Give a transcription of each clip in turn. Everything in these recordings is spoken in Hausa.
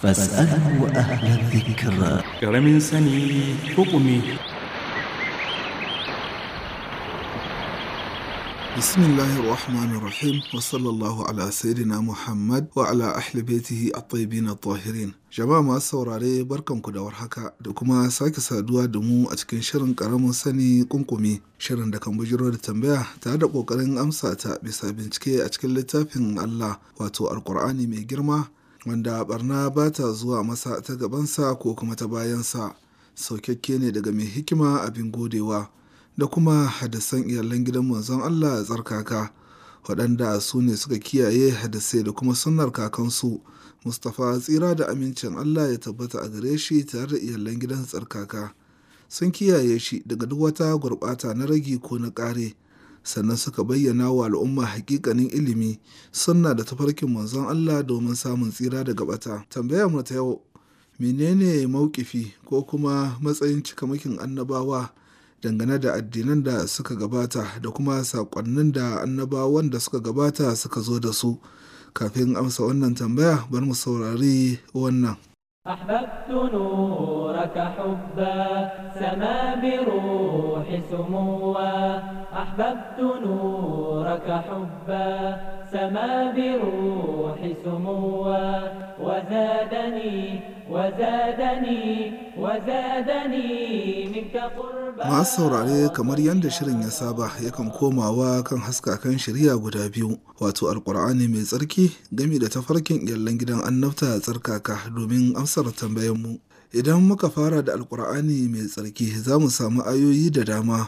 فاسأله أهل الذكر كرم سني حكمي بسم الله الرحمن الرحيم وصلى الله على سيدنا محمد وعلى أهل بيته الطيبين الطاهرين جماعة ما سوراري بركم كدا ورحكا دوكما ساك سادوا دمو أتكن شرن كرم سني كمكمي شرن دكم بجرو التنبيه تعدقو كرن أمساتا بسابنشكي أتكن لتافن الله واتو القرآن ميجرما wanda barna ba ta zuwa masa ta gabansa ko kuma ta bayansa saukakke ne daga mai hikima abin godewa da kuma hadasan iyalan gidan manzon Allah tsarkaka waɗanda su ne suka kiyaye hadasai da kuma sunnar kakansu mustapha tsira da amincin Allah ya tabbata a gare shi tare da iyalan gidan tsarkaka sun kiyaye shi daga duk wata gurɓata na ragi ko na ƙare sannan suka bayyana wa al'umma hakikanin ilimi sunna da tafarkin manzon Allah domin samun tsira daga bata tambaya mu ta yau menene maukifi ko kuma matsayin cikamakin annabawa dangane da addinan da suka gabata da kuma saƙonnin da annabawan da suka gabata suka zo da su kafin amsa wannan tambaya bari mu saurari wannan أحببت نورك حبا سما بروح سموا أحببت نورك حبا سما بروح سموا وزادني Masu saurare kamar yadda shirin ya saba yakan komawa kan haskakan shirya guda biyu wato alkur'ani mai tsarki gami da tafarkin yallan gidan annabta tsarkaka domin amsar tambayanmu. Idan muka fara da alkur'ani mai tsarki za mu samu ayoyi da dama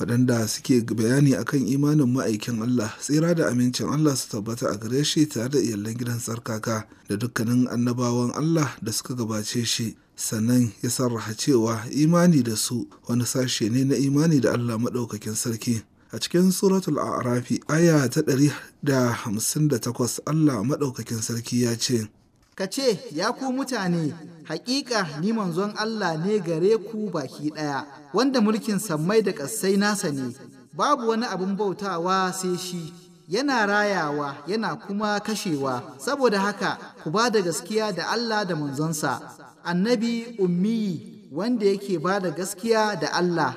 waɗanda suke bayani akan imanin ma'aikin Allah tsira da amincin Allah su tabbata a gare shi tare da iyalan gidan sarkaka da dukkanin annabawan Allah da suka gabace shi sannan ya sarraha cewa imani da su wani sashe ne na imani da Allah maɗaukakin sarki a cikin suratul a'rafi aya ta 158 Allah maɗaukakin sarki ya ce ka ce ya ku mutane Haƙiƙa ni manzon Allah ne gare ku baki ɗaya wanda mulkin sammai da ƙasai nasa ne babu wani abin bautawa sai shi yana rayawa yana kuma kashewa saboda haka ku ba da gaskiya da Allah da manzonsa annabi ummiyi wanda yake ba da gaskiya da Allah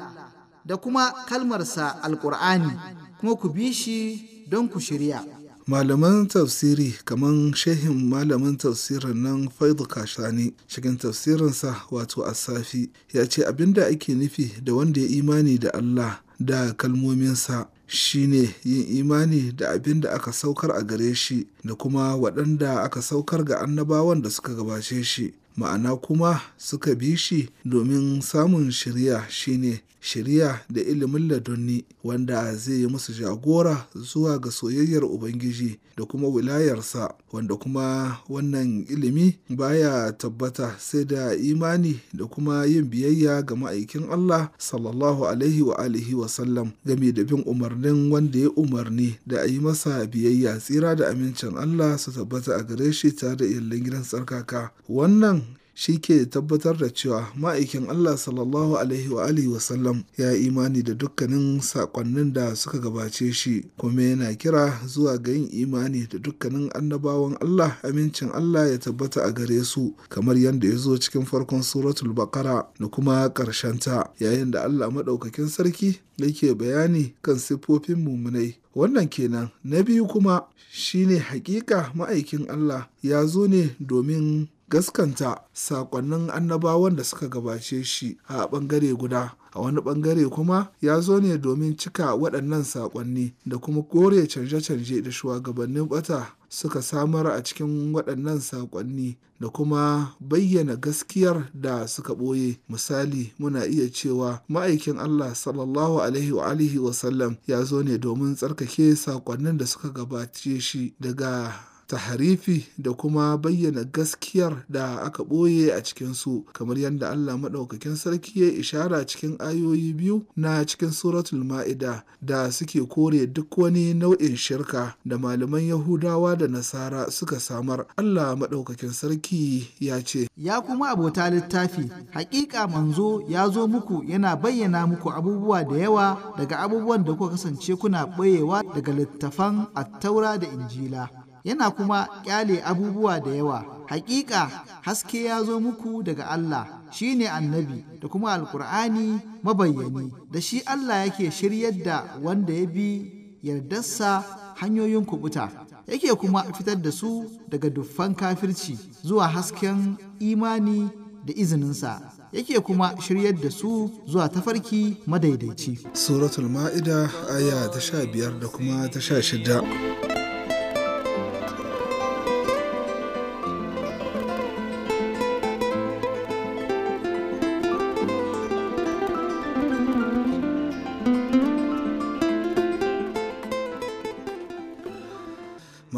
da kuma kalmarsa alƙur'ani kuma ku bi shi don ku shirya. malaman tafsiri kamar shehin malamin tafsirin nan faidu kashani cikin tafsirinsa wato asafi ya ce abinda ake nufi da wanda ya imani da allah da kalmominsa shine yin imani da abin da aka saukar a gare shi da kuma waɗanda aka saukar ga annabawan da suka gabace shi ma'ana kuma suka bi shi domin samun shirya shine shirya da ilimin ladunni wanda zai yi musu jagora zuwa ga soyayyar ubangiji da kuma wilayarsa wanda kuma wannan ilimi baya tabbata sai da imani da kuma yin biyayya ga ma'aikin Allah sallallahu alaihi wa alihi wa sallam game da bin umarnin wanda ya umarni da a yi masa biyayya tsira da amincin Allah su tabbata a gare shi tare da iyalin gidan tsarkaka wannan shi ke tabbatar da cewa ma'aikin Allah sallallahu alaihi wa alihi wasallam ya imani da dukkanin sakonnin da suka gabace shi kuma yana kira zuwa ga yin imani da dukkanin annabawan Allah amincin Allah ya tabbata a gare su kamar yadda ya zo cikin farkon suratul bakara da kuma ta yayin da Allah maɗaukakin sarki yake bayani kan siffofin mumunai wannan kenan na biyu kuma shine hakika ma'aikin Allah ya zo ne domin gaskanta sakonnin annabawan da suka gabace shi a bangare guda a wani bangare kuma ya zo ne domin cika waɗannan sakonni da kuma kore canje-canje da shugabannin bata suka samar a cikin waɗannan sakonni da kuma bayyana gaskiyar da suka ɓoye misali muna iya cewa ma'aikin Allah sallallahu alaihi wa ya zo ne domin tsarkake sakonnin da suka gabace shi daga tahrifi da kuma bayyana gaskiyar da aka ɓoye a cikinsu kamar yadda Allah maɗaukakin sarki ya ishara cikin ayoyi biyu na cikin suratul ma'ida da suke kore duk wani nau'in shirka da malaman yahudawa da nasara suka samar Allah maɗaukakin sarki ya ce ya kuma abota littafi hakika manzo ya zo muku yana bayyana muku abubuwa da yawa daga abubuwan da kuka kasance kuna ɓoyewa daga littafan attaura da injila yana kuma ƙyale abubuwa da yawa. Hakika haske ya zo muku daga Allah shine annabi da kuma alkur'ani mabayyani da shi Allah yake shiryar da wanda ya bi yardarsa hanyoyin kubuta yake kuma fitar da su daga duffan kafirci zuwa hasken imani da izininsa yake kuma shiryar da su zuwa tafarki madaidaici. Suratul Ma'ida aya ta sha biyar da kuma ta sha shida.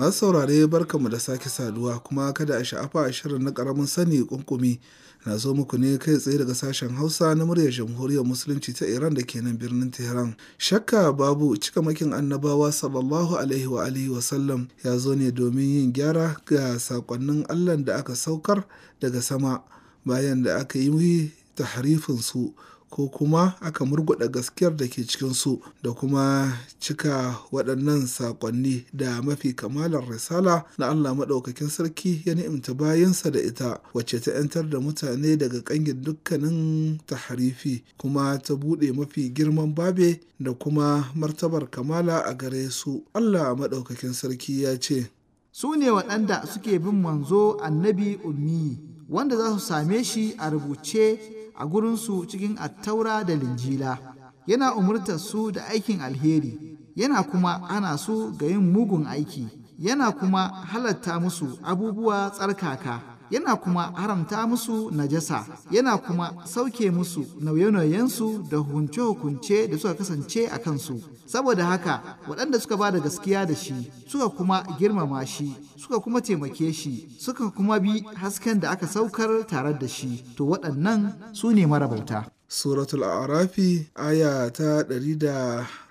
masu saurare barkamu da sake saduwa kuma kada a sha'afa a shirin na karamin sani kunkumi na zo muku ne kai tsaye daga sashen hausa na muryar jamhuriyar musulunci ta iran da ke nan birnin tehran shakka babu cika makin annabawa sallallahu alaihi wa alihi wa sallam ya zo ne domin yin gyara ga sakonnin allah da aka saukar daga sama bayan da aka yi tahrifin su ko kuma aka murguɗa gaskiyar da ke cikinsu da kuma cika waɗannan saƙonni da mafi kamalar risala na Allah maɗaukakin sarki ya ni'imta bayansa da ita wacce ta 'yantar da mutane daga ƙangin dukkanin taharifi kuma ta buɗe mafi girman babe da kuma martabar kamala a gare su Allah maɗaukakin sarki ya ce su ne waɗanda suke bin manzo annabi ummi wanda za su same shi a rubuce a gurinsu cikin attaura da linjila yana umurtar su da aikin alheri yana kuma ana su ga yin mugun aiki yana kuma halatta musu abubuwa tsarkaka yana kuma haramta musu najasa yana kuma sauke musu nauye-nauyensu da hukunce-hukunce da suka kasance a kansu saboda haka waɗanda suka ba da gaskiya da shi suka kuma girmama shi suka kuma taimake shi suka kuma bi hasken da aka saukar tare da shi to waɗannan su ne marabauta suratul arafi aya ta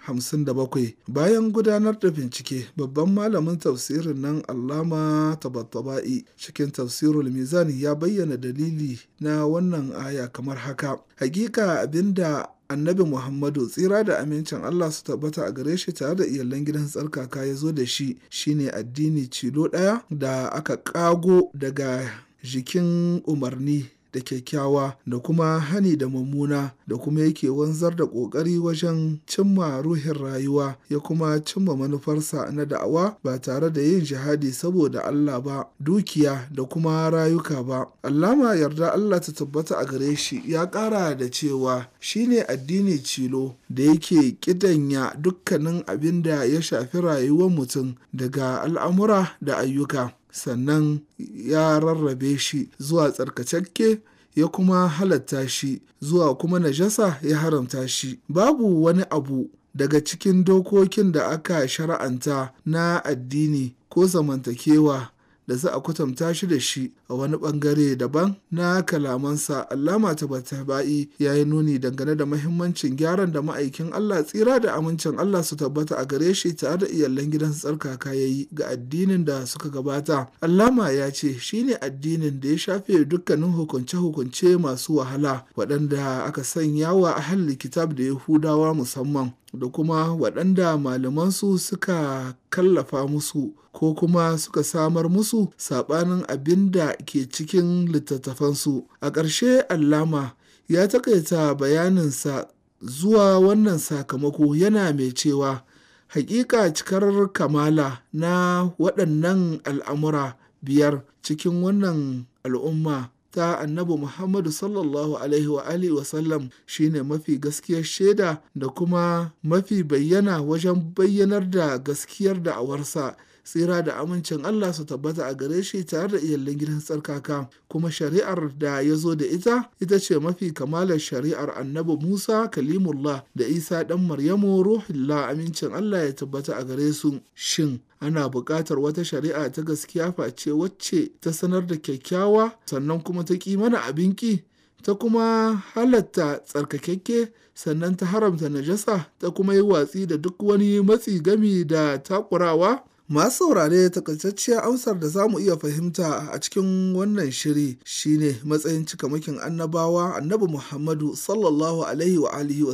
57 bayan gudanar da bincike babban malamin tafsirin nan allama tabattaba'i cikin tafsirul mizan ya bayyana dalili na wannan aya kamar haka hakika abinda annabi muhammadu tsira da amincin allah su tabbata a gare shi tare da iyalan gidan tsarkaka ya zo da shi shine addini cilo ɗaya da aka ƙago daga jikin umarni da kyakkyawa da kuma hani da mummuna da kuma yake wanzar da ƙoƙari wajen cimma ruhin rayuwa ya kuma cimma manufarsa na da'awa ba tare da yin jihadi saboda Allah ba dukiya da kuma rayuka ba Allama yarda Allah ta tabbata a gare shi ya ƙara da cewa shine addini cilo da yake kidanya dukkanin abin da ya shafi rayuwar mutum daga al'amura da ayyuka sannan ya rarrabe shi zuwa tsarkakakke ya kuma halatta shi zuwa kuma najasa ya haramta shi babu wani abu daga cikin dokokin da aka shara'anta na addini ko zamantakewa da za a kwatanta shi da shi a wani bangare daban na kalamansa allama ta bata bai, ya yi nuni dangane da mahimmancin gyaran da ma'aikin allah tsira da amincin allah su tabbata a gare shi tare da iyalan tsarka tsarkaka ya yi ga addinin da suka gabata allama ya ce shine addinin da ya shafe dukkanin hukunce-hukunce masu wahala waɗanda aka sanya wa ahalli kitab da yahudawa musamman da kuma waɗanda malamansu suka kallafa musu ko kuma suka samar musu saɓanin abin da a ke cikin littattafansu a ƙarshe allama ya takaita bayaninsa zuwa wannan sakamako yana mai cewa hakika cikar kamala na waɗannan al'amura biyar cikin wannan al'umma ta annabi Muhammadu sallallahu alaihi wa alihi wasallam shine mafi gaskiyar shaida da kuma mafi bayyana wajen bayyanar da gaskiyar da'awarsa tsira da amincin Allah su tabbata a gare shi tare da iyalin gidan tsarkaka kuma shari'ar da ya zo da ita ita ce mafi kamalar shari'ar annabi Musa kalimullah da Isa dan Maryamu ruhullah amincin Allah ya tabbata a gare su shin ana buƙatar wata shari'a ta gaskiya face wacce ta sanar da kyakkyawa sannan kuma ta ƙi mana abin ƙi ta kuma halatta tsarkakekke sannan ta haramta najasa ta kuma yi watsi da duk wani matsi gami da takurawa Masu saurare takaitacciyar amsar da za mu iya fahimta a cikin wannan shiri shine matsayin cikamakin annabawa annabi Muhammadu sallallahu alaihi wa alihi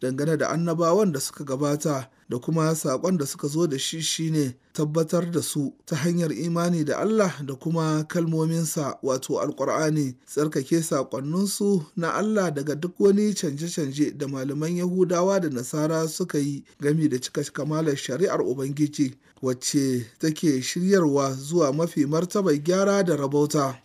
dangane da annabawan da suka gabata da kuma saƙon da suka zo da shi shine tabbatar da su ta hanyar imani da Allah da kuma kalmominsa wato alƙur'ani tsarkake saƙonninsu na Allah daga duk wani canje-canje da malaman Yahudawa da Nasara suka yi gami da cika kamalar shari'ar Ubangiji wacce take shiryarwa zuwa mafi martaba, gyara da rabauta.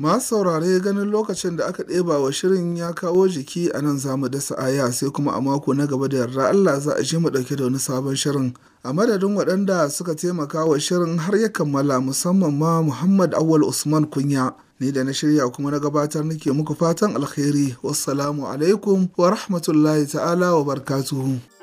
Masu saurare ganin lokacin da aka ɗeba wa shirin ya kawo jiki a nan za mu dasa aya sai kuma a mako na gaba da yarda Allah za a je mu ɗauki da wani sabon shirin. A madadin waɗanda suka taimaka wa shirin har ya kammala musamman ma Muhammad Awal Usman Kunya. Ni da na shirya kuma na gabatar nake muku fatan alkhairi. Wassalamu alaikum wa rahmatullahi ta'ala wa barkatuhu.